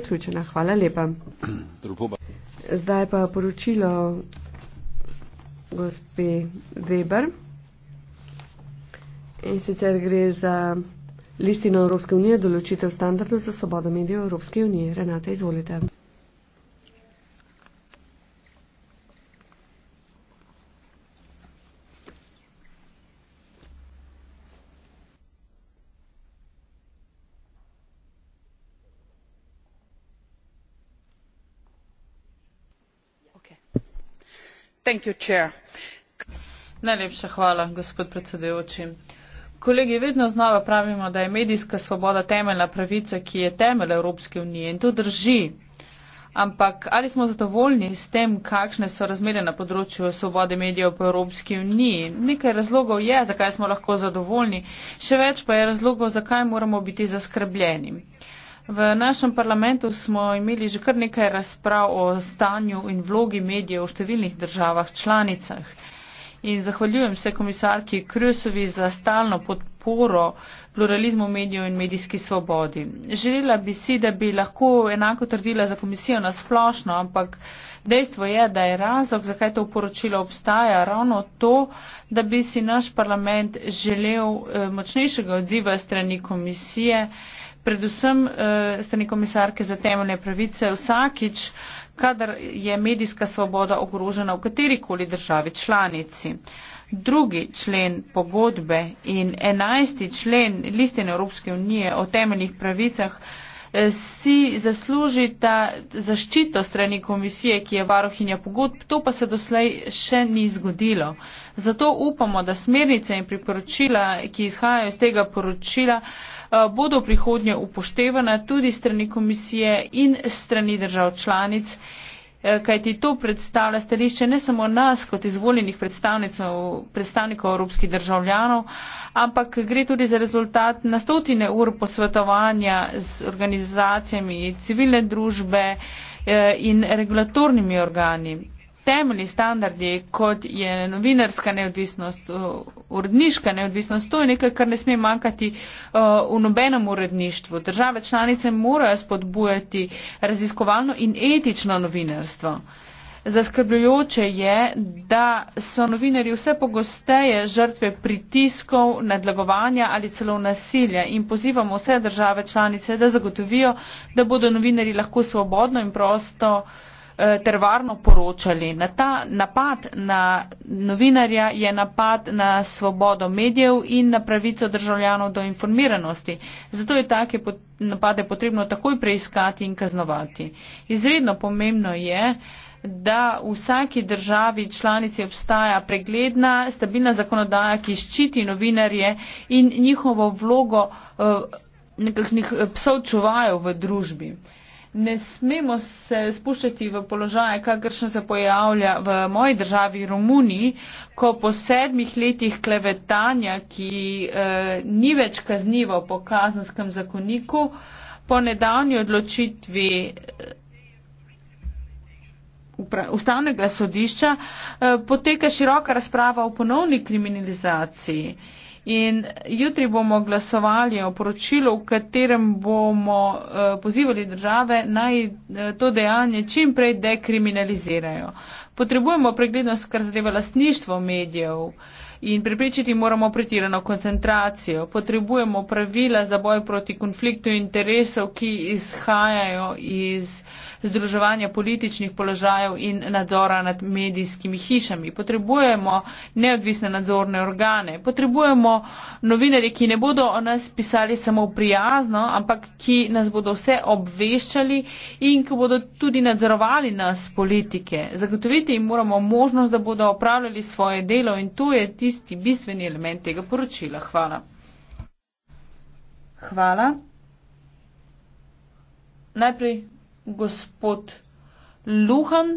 Zaključena, hvala lepa. Zdaj pa poročilo gospe Weber. In sicer gre za listino Evropske unije, določitev standardov za svobodo medijev Evropske unije. Renata, izvolite. Najlepša hvala, gospod predsedujoči. Kolegi, vedno znova pravimo, da je medijska svoboda temeljna pravica, ki je temelj Evropske unije in to drži. Ampak ali smo zadovoljni s tem, kakšne so razmere na področju svobode medijev po Evropski uniji? Nekaj razlogov je, zakaj smo lahko zadovoljni, še več pa je razlogov, zakaj moramo biti zaskrbljeni. V našem parlamentu smo imeli že kar nekaj razprav o stanju in vlogi medijev v številnih državah članicah. In zahvaljujem se komisarki Krusovi za stalno podporo pluralizmu medijev in medijski svobodi. Želela bi si, da bi lahko enako trdila za komisijo na splošno, ampak dejstvo je, da je razlog, zakaj to poročilo obstaja, ravno to, da bi si naš parlament želel eh, močnejšega odziva strani komisije predvsem uh, strani komisarke za temeljne pravice vsakič, kadar je medijska svoboda ogrožena v katerikoli državi članici. Drugi člen pogodbe in enajsti člen listine Evropske unije o temeljnih pravicah eh, si zaslužita zaščito strani komisije, ki je varohinja pogodb, to pa se doslej še ni zgodilo. Zato upamo, da smernice in priporočila, ki izhajajo iz tega poročila, Eh, bodo prihodnje upoštevana tudi strani komisije in strani držav članic eh, kajti to predstavlja stališče ne samo nas kot izvoljenih predstavnikov evropskih državljanov, ampak gre tudi za rezultat na stotine ur posvetovanja z organizacijami civilne družbe eh, in regulatornimi organi temeljni standardi, kot je novinarska neodvisnost, uredniška neodvisnost, to je nekaj, kar ne sme manjkati v nobenem uredništvu. Države članice morajo spodbujati raziskovalno in etično novinarstvo. Zaskrbljujoče je, da so novinari vse pogosteje žrtve pritiskov, nadlegovanja ali celo nasilja in pozivamo vse države članice, da zagotovijo, da bodo novinari lahko svobodno in prosto uh, Eh, ter varno poročali. Na ta napad na novinarja je napad na svobodo medijev in na pravico državljanov do informiranosti. Zato je take napade potrebno takoj preiskati in kaznovati. Izredno pomembno je, da v vsaki državi članici obstaja pregledna, stabilna zakonodaja, ki ščiti novinarje in njihovo vlogo eh, nekakšnih eh, psov čuvajo v družbi. Uh, ne smemo se spuščati v položaje, kakršno se pojavlja v moji državi Romuniji, ko po sedmih letih klevetanja, ki eh, ni več kaznivo po kazanskem zakoniku, po nedavni odločitvi. Eh, Ustavnega sodišča eh, poteka široka razprava o ponovni kriminalizaciji. In jutri bomo glasovali o poročilu, v katerem bomo eh, pozivali države naj eh, to dejanje čim prej dekriminalizirajo. Potrebujemo preglednost, kar zadeva lasništvo medijev in pripričati moramo pretirano koncentracijo. Potrebujemo pravila za boj proti konfliktu interesov, ki izhajajo iz združevanja političnih položajev in nadzora nad medijskimi hišami. Potrebujemo neodvisne nadzorne organe. Potrebujemo novinarje, ki ne bodo o nas pisali samo prijazno, ampak ki nas bodo vse obveščali in ki bodo tudi nadzorovali nas politike. Zagotoviti jim moramo možnost, da bodo opravljali svoje delo in to je tisto, tisti bistveni element tega poročila. Hvala. Hvala. Najprej gospod Luhan,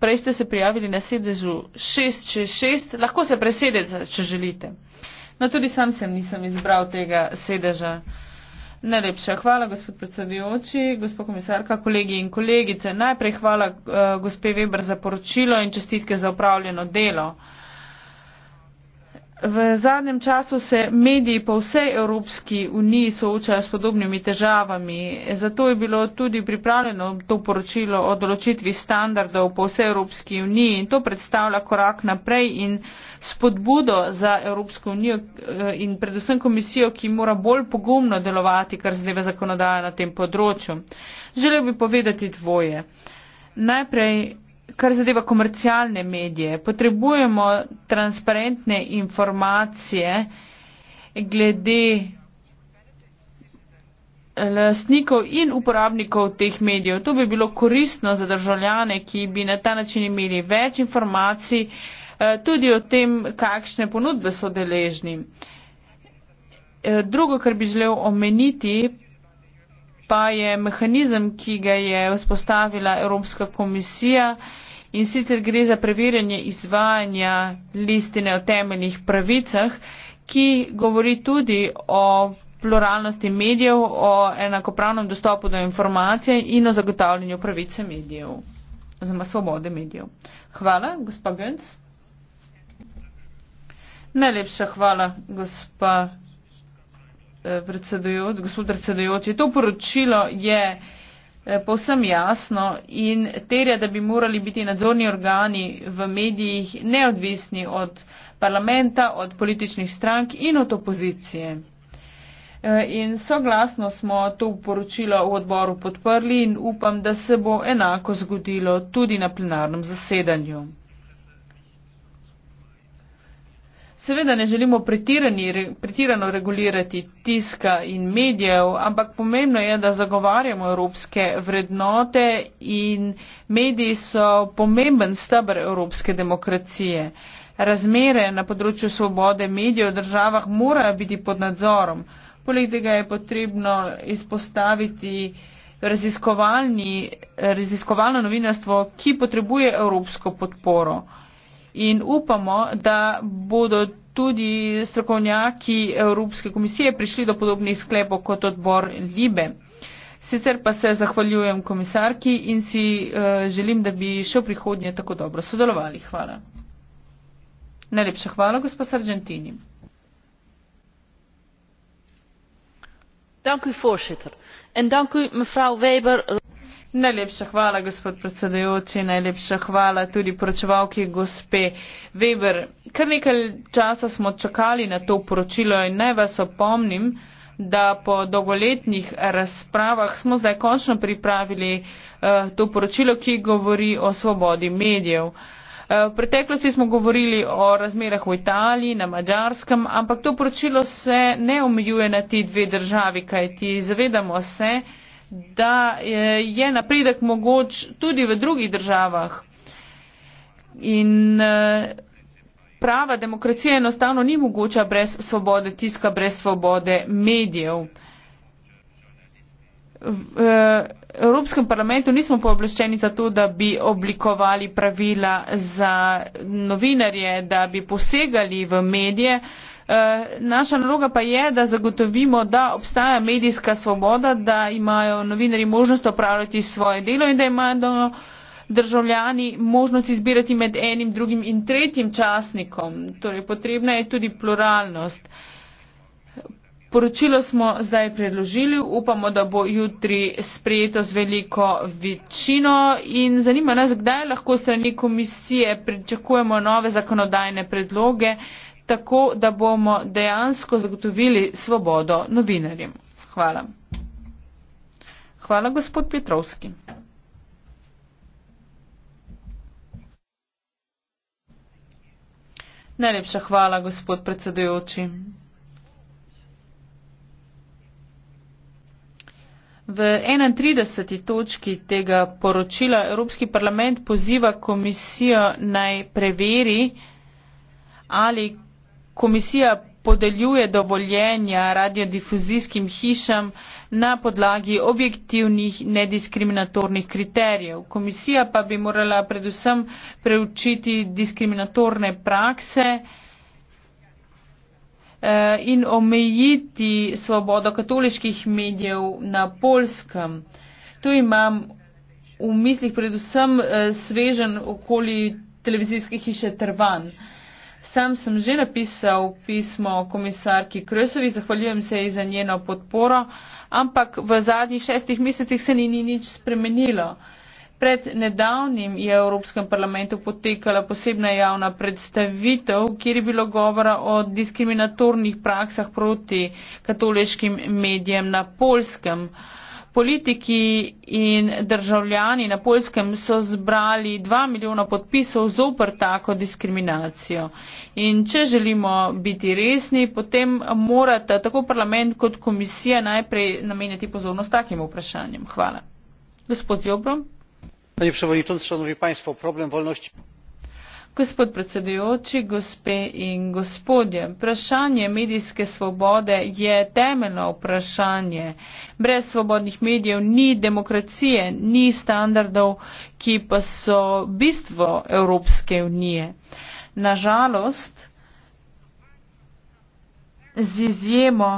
prej ste se prijavili na sedežu 6 čez 6, lahko se presedete, če želite. No, tudi sam sem nisem izbral tega sedeža. Najlepša hvala, gospod predsedujoči, gospod komisarka, kolegi in kolegice. Najprej hvala uh, gospe Weber za poročilo in čestitke za upravljeno delo. Uh, V zadnjem času se mediji po vsej Evropski uniji soočajo s podobnimi težavami. Zato je bilo tudi pripravljeno to poročilo o določitvi standardov po vsej Evropski uniji in to predstavlja korak naprej in spodbudo za Evropsko unijo eh, in predvsem komisijo, ki mora bolj pogumno delovati, kar zdaj v zakonodaju na tem področju. Želel bi povedati dvoje. Najprej kar zadeva komercialne medije. Potrebujemo transparentne informacije glede eh, lastnikov in uporabnikov teh medijev. To bi bilo koristno za državljane, ki bi na ta način imeli več informacij eh, tudi o tem, kakšne ponudbe so deležni. Eh, drugo, kar bi želel omeniti, pa je mehanizem, ki ga je vzpostavila Evropska komisija in sicer gre za preverjanje izvajanja listine o temeljnih pravicah, ki govori tudi o pluralnosti medijev, o enakopravnem dostopu do informacije in o zagotavljanju pravice medijev, oziroma svobode medijev. Hvala, gospa Gönc. Najlepša hvala, gospa. Eh, predsedujoč, gospod predsedujoči, to poročilo je eh, povsem jasno in terja, da bi morali biti nadzorni organi v medijih neodvisni od parlamenta, od političnih strank in od opozicije. Eh, in soglasno smo to poročilo v odboru podprli in upam, da se bo enako zgodilo tudi na plenarnem zasedanju. Seveda ne želimo pretirano regulirati tiska in medijev, ampak pomembno je, da zagovarjamo evropske vrednote in mediji so pomemben stabr evropske demokracije. Razmere na področju svobode medijev v državah morajo biti pod nadzorom. Poleg tega je potrebno izpostaviti raziskovalno novinarstvo, ki potrebuje evropsko podporo in upamo, da bodo tudi strokovnjaki Evropske komisije prišli do podobnih sklepov kot odbor Libe. Sicer pa se zahvaljujem komisarki in si uh, želim, da bi še v prihodnje tako dobro sodelovali. Hvala. Najlepša hvala, gospod Sargentini. Dank u voorzitter en dank u mevrouw Weber. Najlepša hvala, gospod predsedajoči, najlepša hvala tudi poročevalki gospe Weber. Kar nekaj časa smo čakali na to poročilo in naj vas opomnim, da po dolgoletnih razpravah smo zdaj končno pripravili uh, to poročilo, ki govori o svobodi medijev. Eh, v preteklosti smo govorili o razmerah v Italiji, na Mačarskem, ampak to poročilo se ne omejuje na ti dve državi, kajti zavedamo se, da je, eh, je napredek mogoč tudi v drugih državah. In eh, prava demokracija enostavno ni mogoča brez svobode tiska, brez svobode medijev. V eh, Evropskem parlamentu nismo pooblaščeni za to, da bi oblikovali pravila za novinarje, da bi posegali v medije. Uh, Eh, naša naloga pa je da zagotovimo da obstaja medijska svoboda da imajo novinarji možnost opravljati svoje delo in da imajo državljani možnost izbirati med enim drugim in tretjim časnikom torej potrebna je tudi pluralnost Poročilo smo zdaj predložili, upamo, da bo jutri sprejeto z veliko večino in zanima nas, kdaj lahko strani komisije pričakujemo nove zakonodajne predloge, tako da bomo dejansko zagotovili svobodo novinarjem. Hvala. Hvala, gospod Petrovski. Najlepša hvala, gospod predsedujoči. V 31. točki tega poročila Evropski parlament poziva komisijo naj preveri, ali komisija podeljuje dovoljenja radiodifuzijskim hišam na podlagi objektivnih nediskriminatornih kriterijev. Komisija pa bi morala predvsem preučiti diskriminatorne prakse eh, in omejiti svobodo katoliških medijev na polskem. Tu imam v mislih predvsem eh, svežen okoli televizijske hiše Trvan. Sam sem že napisal pismo komisarki Krösovi, zahvaljujem se ji za njeno podporo, ampak v zadnjih šestih mesecih se ni, ni nič spremenilo. Pred nedavnim je v Evropskem parlamentu potekala posebna javna predstavitev, kjer je bilo govora o diskriminatornih praksah proti katoliškim medijem na polskem. Uh, Politiki in državljani na Poljskem so zbrali 2 milijona podpisov zoper tako diskriminacijo. In če želimo biti resni, potem morata tako parlament kot komisija najprej namenjati pozornost takim vprašanjem. Hvala. Gospod Jobro. Panie przewodniczący, szanowni państwo, problem wolności. Gospod predsedujoči, gospe in gospodje, vprašanje medijske svobode je temeljno vprašanje. Brez svobodnih medijev ni demokracije, ni standardov, ki pa so bistvo Evropske unije. Nažalost, z izjemo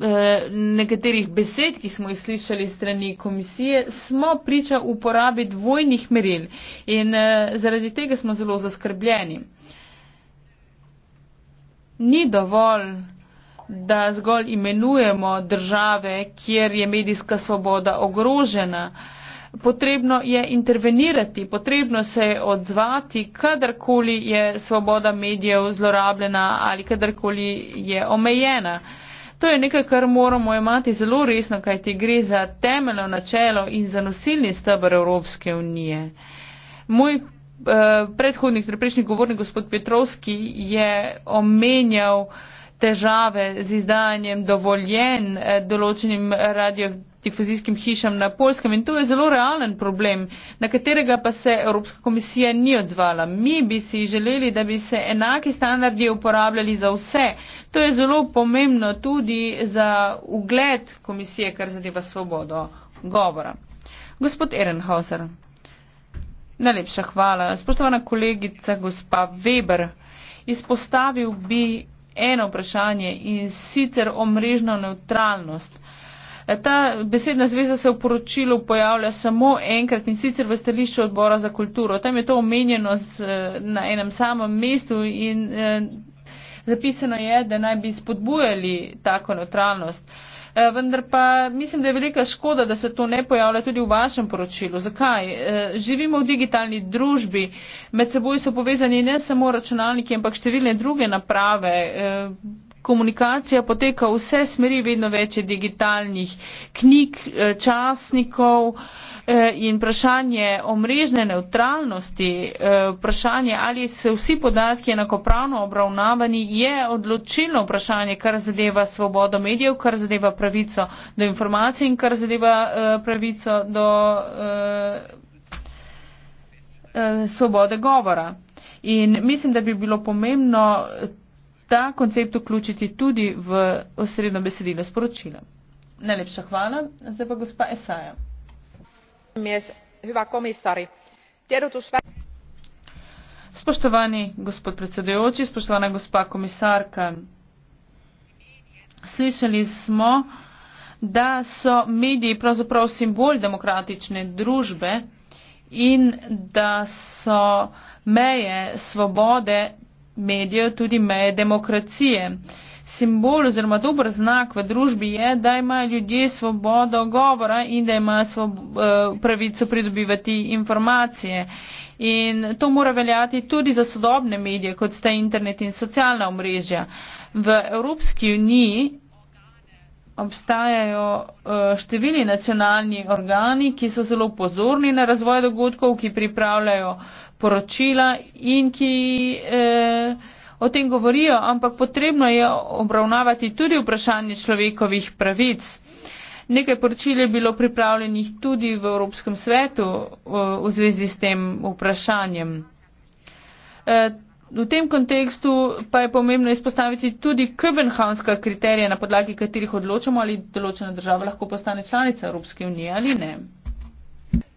Eh, nekaterih besed, ki smo jih slišali strani komisije, smo priča uporabi dvojnih meril in eh, zaradi tega smo zelo zaskrbljeni. Ni dovolj, da zgolj imenujemo države, kjer je medijska svoboda ogrožena. Potrebno je intervenirati, potrebno se je odzvati, kadarkoli je svoboda medijev zlorabljena ali kadarkoli je omejena. Uh, To je nekaj, kar moramo imati zelo resno, kaj ti gre za temeljno načelo in za nosilni stebr Evropske unije. Moj eh, predhodnik, torej prejšnji govornik, gospod Petrovski, je omenjal, eh, težave z izdajanjem dovoljen eh, določenim radiodifuzijskim hišam na Polskem in to je zelo realen problem, na katerega pa se Evropska komisija ni odzvala. Mi bi si želeli, da bi se enaki standardi uporabljali za vse. To je zelo pomembno tudi za ugled komisije, kar zadeva svobodo govora. Gospod Ehrenhauser. Najlepša hvala. Spoštovana kolegica, gospa Weber, izpostavil bi eno vprašanje in sicer o mrežno neutralnost. Ta besedna zveza se v poročilu pojavlja samo enkrat in sicer v stališču odbora za kulturo. Tam je to omenjeno na enem samem mestu in eh, zapisano je, da naj bi spodbujali tako neutralnost. Eh, vendar pa mislim, da je velika škoda, da se to ne pojavlja tudi v vašem poročilu. Zakaj? Eh, živimo v digitalni družbi, med seboj so povezani ne samo računalniki, ampak številne druge naprave. Eh, komunikacija poteka vse smeri, vedno več je digitalnih knjig, eh, časnikov eh, in vprašanje o mrežne neutralnosti, eh, vprašanje ali se vsi podatki enakopravno obravnavani, je odločilno vprašanje, kar zadeva svobodo medijev, kar zadeva pravico do informacij in kar zadeva pravico do svobode govora. In mislim, da bi bilo pomembno ta koncept vključiti tudi v osredno besedilo sporočila. Najlepša hvala. Zdaj pa gospa Esaja. Spoštovani gospod predsedujoči, spoštovana gospa komisarka, slišali smo, da so mediji pravzaprav simbol demokratične družbe in da so meje svobode medijev tudi meje demokracije. Simbol oziroma dober znak v družbi je, da imajo ljudje svobodo govora in da imajo eh, pravico pridobivati informacije. In to mora veljati tudi za sodobne medije, kot sta internet in socialna omrežja. V Evropski uniji obstajajo eh, številni nacionalni organi, ki so zelo pozorni na razvoj dogodkov, ki pripravljajo poročila in ki eh, o tem govorijo, ampak potrebno je obravnavati tudi vprašanje človekovih pravic. Nekaj poročil je bilo pripravljenih tudi v Evropskem svetu eh, v zvezi s tem vprašanjem. Eh, v tem kontekstu pa je pomembno izpostaviti tudi Köbenhavnska kriterija, na podlagi katerih odločamo, ali določena država lahko postane članica Evropske unije ali ne.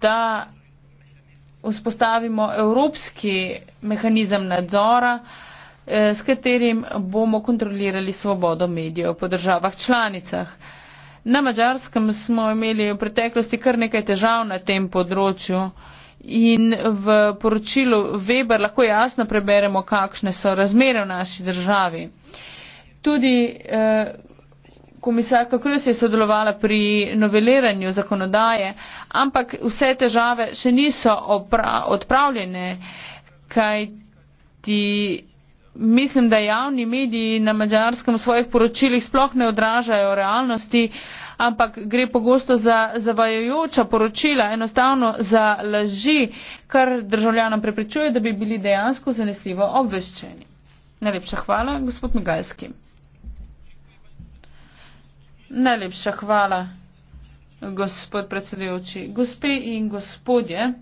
da vzpostavimo evropski mehanizem nadzora, eh, s katerim bomo kontrolirali svobodo medijev po državah članicah. Na Mačarskem smo imeli v preteklosti kar nekaj težav na tem področju in v poročilu Weber lahko jasno preberemo, kakšne so razmere v naši državi. Tudi eh, komisarka Kruz je sodelovala pri noveliranju zakonodaje, ampak vse težave še niso odpravljene, kaj ti mislim, da javni mediji na mađarskem v svojih poročilih sploh ne odražajo realnosti, ampak gre pogosto za zavajajoča poročila, enostavno za laži, kar državljanom prepričuje, da bi bili dejansko zanesljivo obveščeni. Najlepša hvala, gospod Migalski. Najlepša hvala, gospod predsedujoči. Gospe in gospodje,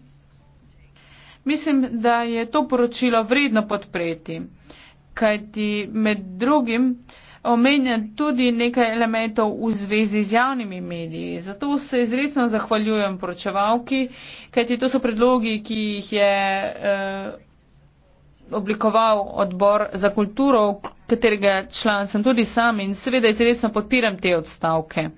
mislim, da je to poročilo vredno podpreti, kajti med drugim omenja tudi nekaj elementov v zvezi z javnimi mediji. Zato se izredno zahvaljujem poročevalki, kajti to so predlogi, ki jih je eh, oblikoval odbor za kulturo, katerega član sem tudi sam in seveda izredno podpiram te odstavke.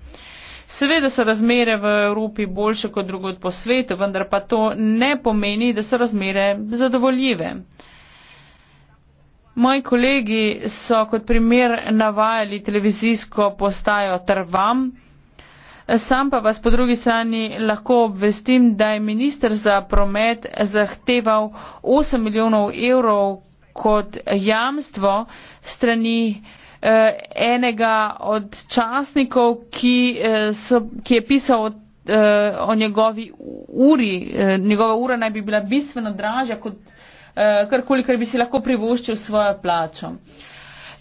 Seveda so razmere v Evropi boljše kot drugod po svetu, vendar pa to ne pomeni, da so razmere zadovoljive. Moji kolegi so kot primer navajali televizijsko postajo Trvam, sam pa vas po drugi strani lahko obvestim, da je minister za promet zahteval 8 milijonov evrov, kot jamstvo strani eh, enega od časnikov, ki, eh, so, ki je pisal od eh, o njegovi uri. Eh, njegova ura naj bi bila bistveno dražja kot eh, karkoli, kar bi si lahko privoščil svojo plačo.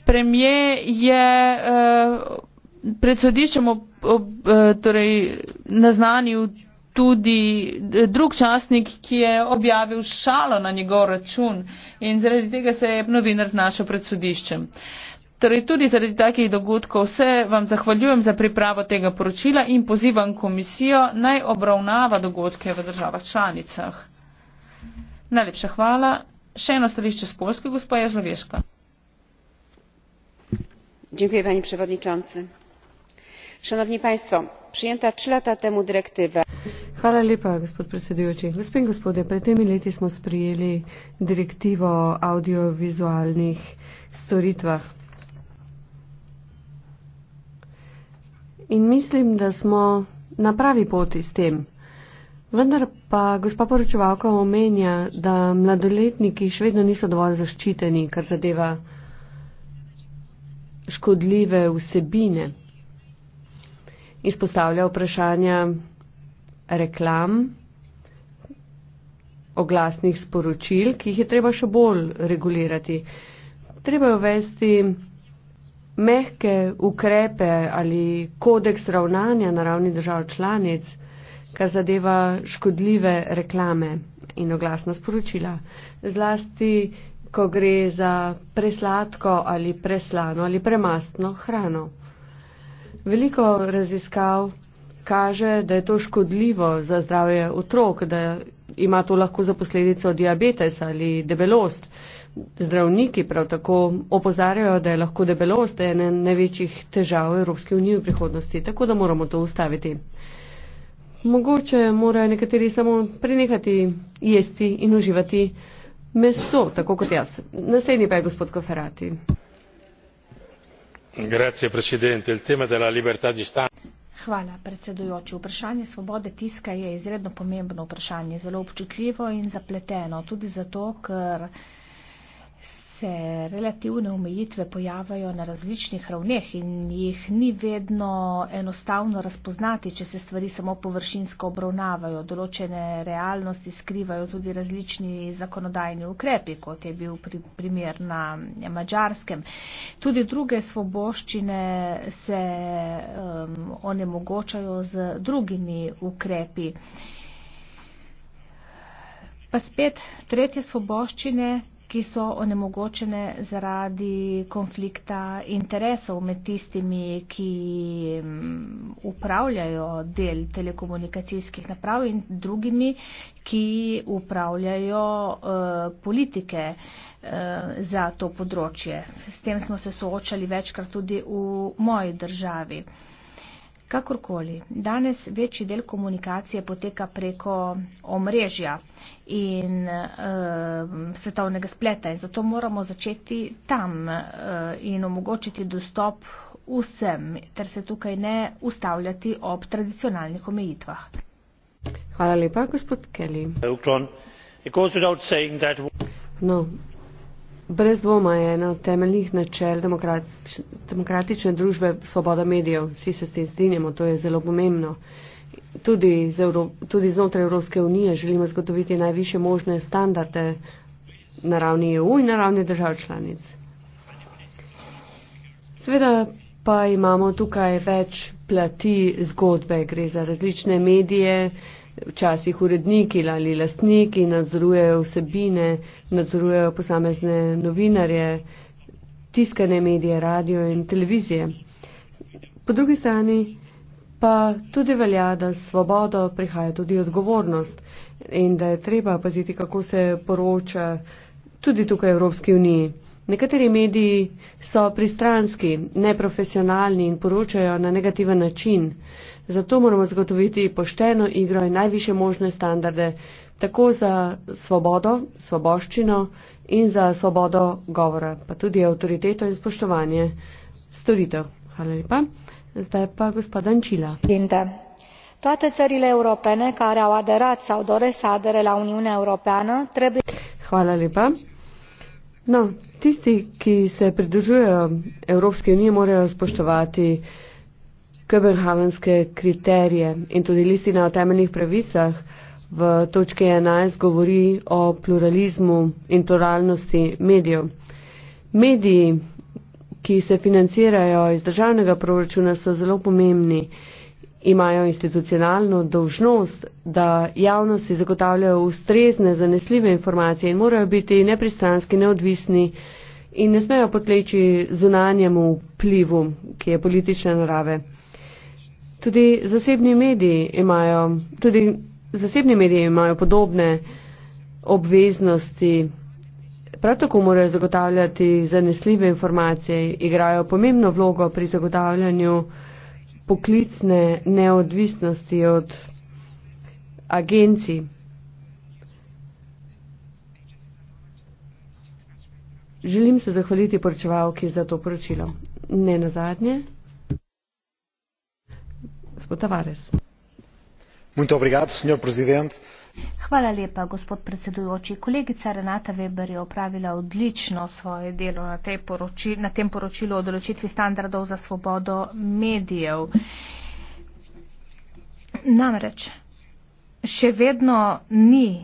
Premije je pred sodiščem torej, naznanil tudi eh, drug časnik, ki je objavil šalo na njegov račun in zaradi tega se je novinar znašel pred sodiščem. Torej tudi zaradi takih dogodkov se vam zahvaljujem za pripravo tega poročila in pozivam komisijo naj obravnava dogodke v državah članicah. Najlepša hvala. Še eno stališče z Polske, gospa Jažloveška. Dziękuję, panie przewodniczący. Szanowni państwo, przyjęta trzy lata temu dyrektywa. Hvala lepa, gospod predsedujoči. Gospod in gospode, pred temi leti smo sprijeli direktivo o audiovizualnih storitvah. In mislim, da smo na pravi poti s tem. Vendar pa gospa poročevalka omenja, da mladoletniki še vedno niso dovolj zaščiteni, kar zadeva škodljive vsebine. Izpostavlja vprašanja reklam, oglasnih sporočil, ki jih je treba še bolj regulirati. Treba je uvesti mehke ukrepe ali kodeks ravnanja na ravni držav članic, kar zadeva škodljive reklame in oglasna sporočila. Zlasti, ko gre za presladko ali preslano ali premastno hrano. Veliko raziskav kaže, da je to škodljivo za zdravje otrok, da ima to lahko za posledico diabetes ali debelost. Zdravniki prav tako opozarjajo, da je lahko debelost ena največjih težav Evropske unije v prihodnosti, tako da moramo to ustaviti. Mogoče morajo nekateri samo prenehati jesti in uživati meso, tako kot jaz. Naslednji pa je gospod Koferati. Grazie, predsednik. Tema della libertà di stampa. Hvala, predsedujoči. Vprašanje svobode tiska je izredno pomembno vprašanje, zelo občutljivo in zapleteno, tudi zato, ker se relativne omejitve pojavljajo na različnih ravneh in jih ni vedno enostavno razpoznati, če se stvari samo površinsko obravnavajo. Določene realnosti skrivajo tudi različni zakonodajni ukrepi, kot je bil pri, primer na Mačarskem. Tudi druge svoboščine se um, onemogočajo z drugimi ukrepi. Pa spet tretje svoboščine ki so onemogočene zaradi konflikta interesov med tistimi, ki mm, upravljajo del telekomunikacijskih naprav in drugimi, ki upravljajo uh, politike uh, za to področje. S tem smo se soočali večkrat tudi v moji državi. Uh, Kakorkoli, danes večji del komunikacije poteka preko omrežja in e, svetovnega spleta in zato moramo začeti tam e, in omogočiti dostop vsem, ter se tukaj ne ustavljati ob tradicionalnih omejitvah. Hvala lepa, gospod Kelly. No. Brez dvoma je eno temeljnih načel demokratič, demokratične družbe svoboda medijev. Vsi se s tem strinjamo, to je zelo pomembno. Tudi, z Evro, tudi znotraj Evropske unije želimo zagotoviti najviše možne standarde na ravni EU in na ravni držav članic. Sveda pa imamo tukaj več plati zgodbe, gre za različne medije, uh, včasih uredniki ali lastniki nadzorujejo vsebine, nadzorujejo posamezne novinarje, tiskane medije, radio in televizije. Po drugi strani pa tudi velja, da svobodo prihaja tudi odgovornost in da je treba paziti, kako se poroča tudi tukaj v Evropski uniji. Nekateri mediji so pristranski, neprofesionalni in poročajo na negativen način. Zato moramo zagotoviti pošteno igro in najviše možne standarde, tako za svobodo, svoboščino in za svobodo govora, pa tudi avtoriteto in spoštovanje storitev. Hvala lepa. Zdaj pa gospoda Ančila. Linda. Toate țările europene care au aderat sau doresc să adere la Uniunea Europeană trebuie. Hvala lepa. No, Tisti, ki se pridružujejo Evropske unije, morajo spoštovati Köbenhavenske kriterije in tudi listina o temeljnih pravicah v točki 11 govori o pluralizmu in pluralnosti medijev. Mediji, ki se financirajo iz državnega proračuna, so zelo pomembni. Imajo institucionalno dožnost, da javnosti zagotavljajo ustrezne, zanesljive informacije in morajo biti nepristranski, neodvisni in ne smejo potleči zunanjemu vplivu, ki je politične narave. Tudi zasebni mediji imajo, tudi zasebni mediji imajo podobne obveznosti. Prav tako morajo zagotavljati zanesljive informacije, igrajo pomembno vlogo pri zagotavljanju poklicne neodvisnosti od agencij. Želim se zahvaliti poročevalki za to poročilo. Ne nazadnje, gospod Tavares. Hvala lepa, gospod predsedujoči. Kolegica Renata Weber je opravila odlično svoje delo na, tej poroči, na tem poročilu o določitvi standardov za svobodo medijev. Namreč, še vedno ni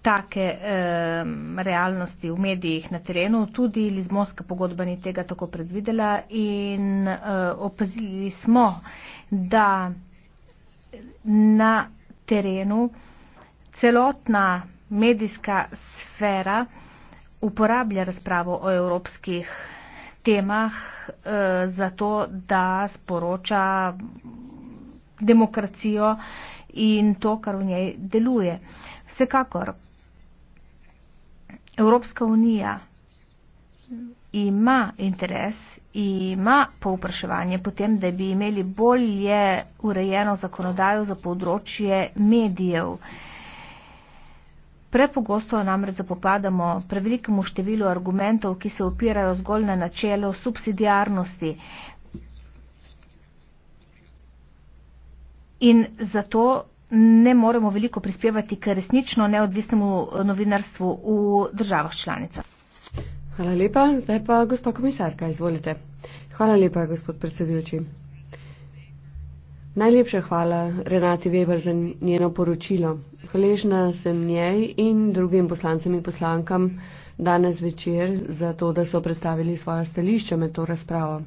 take um, realnosti v medijih na terenu, tudi Lizmonska pogodba ni tega tako predvidela in uh, opazili smo, da na terenu celotna medijska sfera uporablja razpravo o evropskih temah eh, zato, da sporoča demokracijo in to, kar v njej deluje. Vsekakor, Evropska unija ima interes, ima povpraševanje potem, da bi imeli bolje urejeno zakonodajo za področje medijev. Prepogosto namreč zapopadamo prevelikemu številu argumentov, ki se opirajo zgolj na načelo subsidijarnosti. In zato ne moremo veliko prispevati k resnično neodvisnemu novinarstvu v državah članicah. Hvala lepa. Zdaj pa gospod komisarka, izvolite. Hvala lepa, gospod predsedujoči. Najlepša hvala Renati Weber za njeno poročilo. Hvaležna sem njej in drugim poslancem in poslankam danes večer za to, da so predstavili svoja stališča med to razpravo.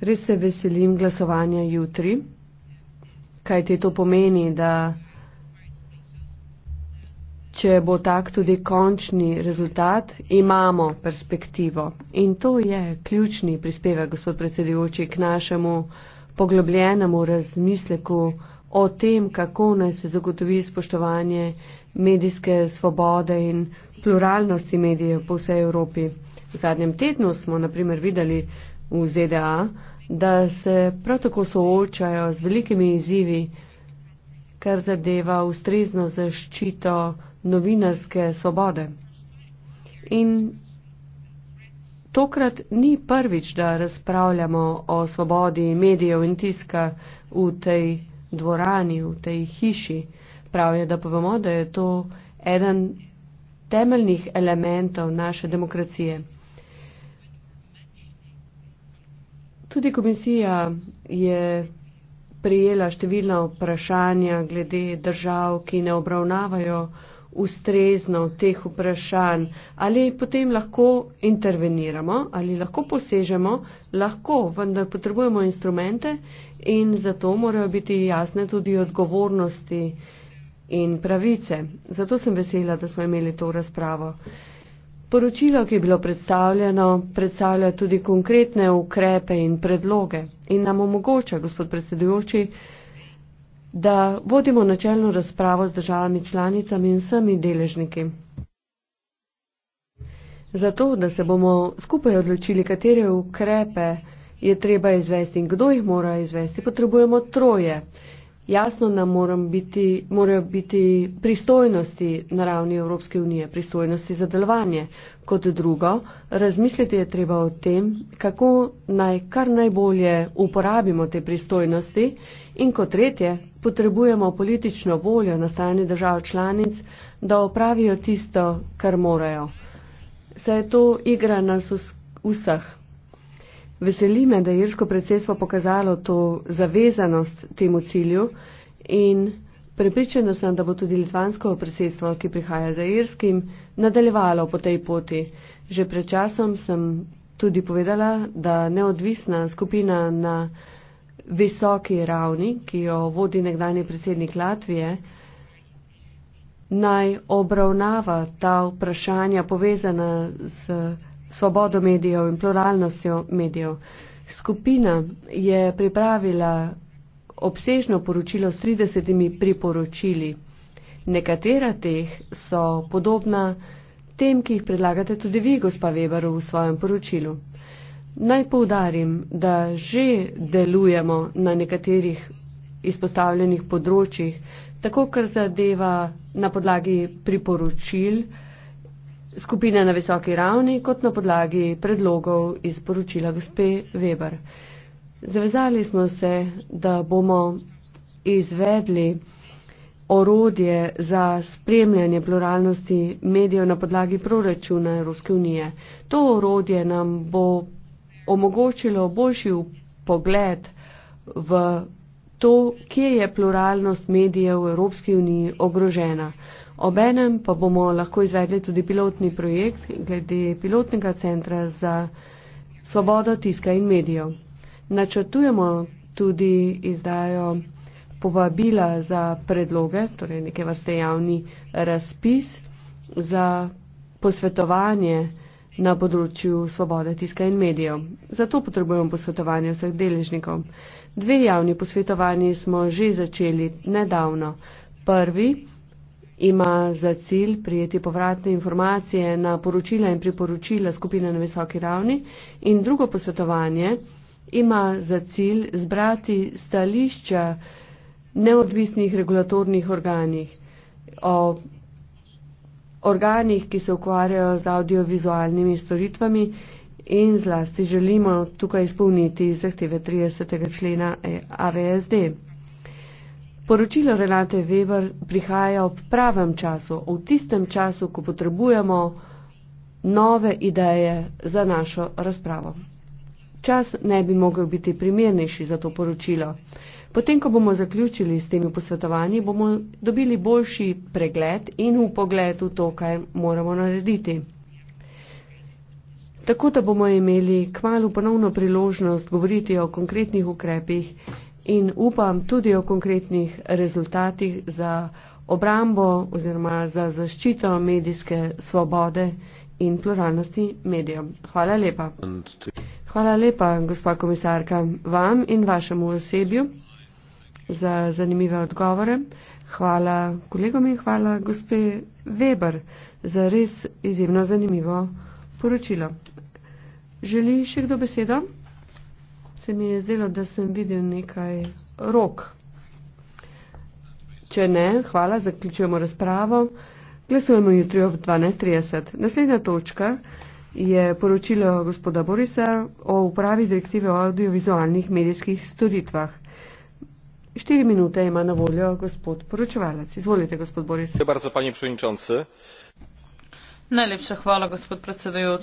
Res se veselim glasovanja jutri, kajti to pomeni, da. Če bo tak tudi končni rezultat, imamo perspektivo. In to je ključni prispevek, gospod predsedujoči, k našemu poglobljenemu razmisleku o tem, kako naj se zagotovi spoštovanje medijske svobode in pluralnosti medijev po vsej Evropi. V zadnjem tednu smo naprimer videli v ZDA, da se prav tako soočajo z velikimi izzivi, kar zadeva ustrezno zaščito novinarske svobode. In tokrat ni prvič, da razpravljamo o svobodi medijev in tiska v tej dvorani, v tej hiši. Prav je, da povemo, da je to eden temeljnih elementov naše demokracije. Tudi komisija je prijela številna vprašanja glede držav, ki ne obravnavajo ustrezno teh vprašanj, ali potem lahko interveniramo, ali lahko posežemo, lahko, vendar potrebujemo instrumente in zato morajo biti jasne tudi odgovornosti in pravice. Zato sem vesela, da smo imeli to razpravo. Poročilo, ki je bilo predstavljeno, predstavlja tudi konkretne ukrepe in predloge in nam omogoča, gospod predsedujoči, da vodimo načelno razpravo z državami članicami in vsemi deležniki. Zato, da se bomo skupaj odločili, katere ukrepe je treba izvesti in kdo jih mora izvesti, potrebujemo troje. Jasno nam biti, morajo biti pristojnosti na ravni Evropske unije, pristojnosti za delovanje. Kot drugo, razmisliti je treba o tem, kako naj kar najbolje uporabimo te pristojnosti In kot tretje, potrebujemo politično voljo na strani držav članic, da opravijo tisto, kar morajo. Saj je to igra nas vseh. Veseli me, da je irsko predsedstvo pokazalo to zavezanost temu cilju in prepričana sem, da bo tudi litvansko predsedstvo, ki prihaja za irskim, nadaljevalo po tej poti. Že pred časom sem tudi povedala, da neodvisna skupina na visoki ravni, ki jo vodi nekdani predsednik Latvije, naj obravnava ta vprašanja povezana z svobodo medijev in pluralnostjo medijev. Skupina je pripravila obsežno poročilo s 30 priporočili. Nekatera teh so podobna tem, ki jih predlagate tudi vi, gospa Weber, v svojem poročilu. Naj poudarim, da že delujemo na nekaterih izpostavljenih področjih, tako kar zadeva na podlagi priporočil skupine na visoki ravni, kot na podlagi predlogov iz poročila gospe Weber. Zavezali smo se, da bomo izvedli orodje za spremljanje pluralnosti medijev na podlagi proračuna Evropske unije. To orodje nam bo omogočilo boljši pogled v to, kje je pluralnost medijev v Evropski uniji ogrožena. Obenem pa bomo lahko izvedli tudi pilotni projekt glede pilotnega centra za svobodo tiska in medijev. Načrtujemo tudi izdajo povabila za predloge, torej neke vrste javni razpis za posvetovanje na področju svobode tiska in medijev. Zato potrebujemo posvetovanje vseh deležnikov. Dve javni posvetovanji smo že začeli nedavno. Prvi ima za cilj prijeti povratne informacije na poročila in priporočila skupine na visoki ravni in drugo posvetovanje ima za cilj zbrati stališča neodvisnih regulatornih organih o organih, ki se ukvarjajo z audiovizualnimi storitvami in zlasti želimo tukaj izpolniti zahteve 30. člena AVSD. Poročilo Renate Weber prihaja ob pravem času, v tistem času, ko potrebujemo nove ideje za našo razpravo. Čas ne bi mogel biti primernejši za to poročilo. Potem, ko bomo zaključili s temi posvetovanji, bomo dobili boljši pregled in v pogledu to, kaj moramo narediti. Tako da bomo imeli kmalo ponovno priložnost govoriti o konkretnih ukrepih in upam tudi o konkretnih rezultatih za obrambo oziroma za zaščito medijske svobode in pluralnosti medijev. Hvala lepa. Hvala lepa, gospa komisarka, vam in vašemu osebju za zanimive odgovore. Hvala kolegom in hvala gospe Weber za res izjemno zanimivo poročilo. Želi še kdo besedo? Se mi je zdelo, da sem videl nekaj rok. Če ne, hvala, zaključujemo razpravo. Glasujemo jutri ob 12.30. Naslednja točka je poročilo gospoda Borisa o upravi direktive o audiovizualnih medijskih storitvah. 4 minute ima na voljo gospod poročevalec. Izvolite, gospod Boris. Najlepša hvala, gospod predsedujoč.